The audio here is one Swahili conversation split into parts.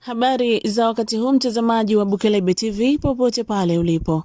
Habari za wakati huu mtazamaji wa Bukelebe TV popote pale ulipo,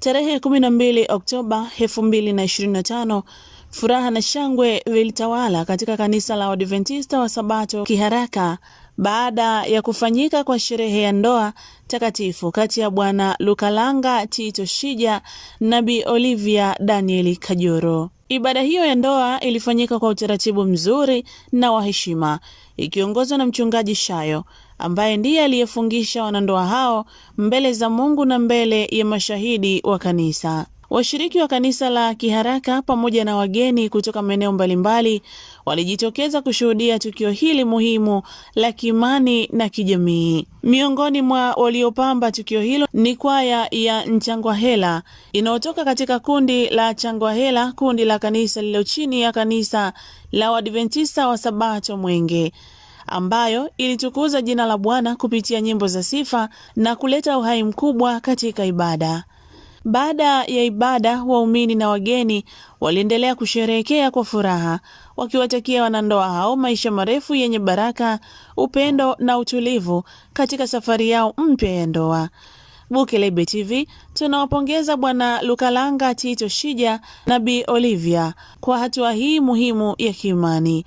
tarehe 12 Oktoba 2025, furaha na shangwe vilitawala katika kanisa la Waadventista wa Sabato Kiharaka baada ya kufanyika kwa sherehe ya ndoa takatifu kati ya Bwana Lukalanga Tito Shija na Bi Olivia Daniel Kajoro. Ibada hiyo ya ndoa ilifanyika kwa utaratibu mzuri na wa heshima ikiongozwa na Mchungaji Shayo ambaye ndiye aliyefungisha wanandoa hao mbele za Mungu na mbele ya mashahidi wa kanisa. Washiriki wa kanisa la Kiharaka pamoja na wageni kutoka maeneo mbalimbali walijitokeza kushuhudia tukio hili muhimu la kiimani na kijamii. Miongoni mwa waliopamba tukio hilo ni kwaya ya Nchangwahela inayotoka katika kundi la Changwahela, kundi la kanisa lililo chini ya kanisa la Waadventista wa Sabato Mwenge ambayo ilitukuza jina la Bwana kupitia nyimbo za sifa na kuleta uhai mkubwa katika ibada. Baada ya ibada, waumini na wageni waliendelea kusherehekea kwa furaha, wakiwatakia wanandoa hao maisha marefu yenye baraka, upendo na utulivu katika safari yao mpya ya ndoa. Bukelebe TV tunawapongeza Bwana Lukalanga Tito Shija na Bi Olivia kwa hatua hii muhimu ya kiimani.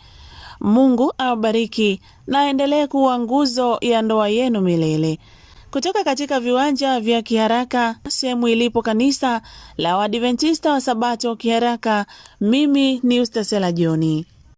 Mungu awabariki na aendelee kuwa nguzo ya ndoa yenu milele kutoka katika viwanja vya Kiharaka, sehemu ilipo kanisa la Waadventista wa Sabato Kiharaka. Mimi ni Ustasela Joni.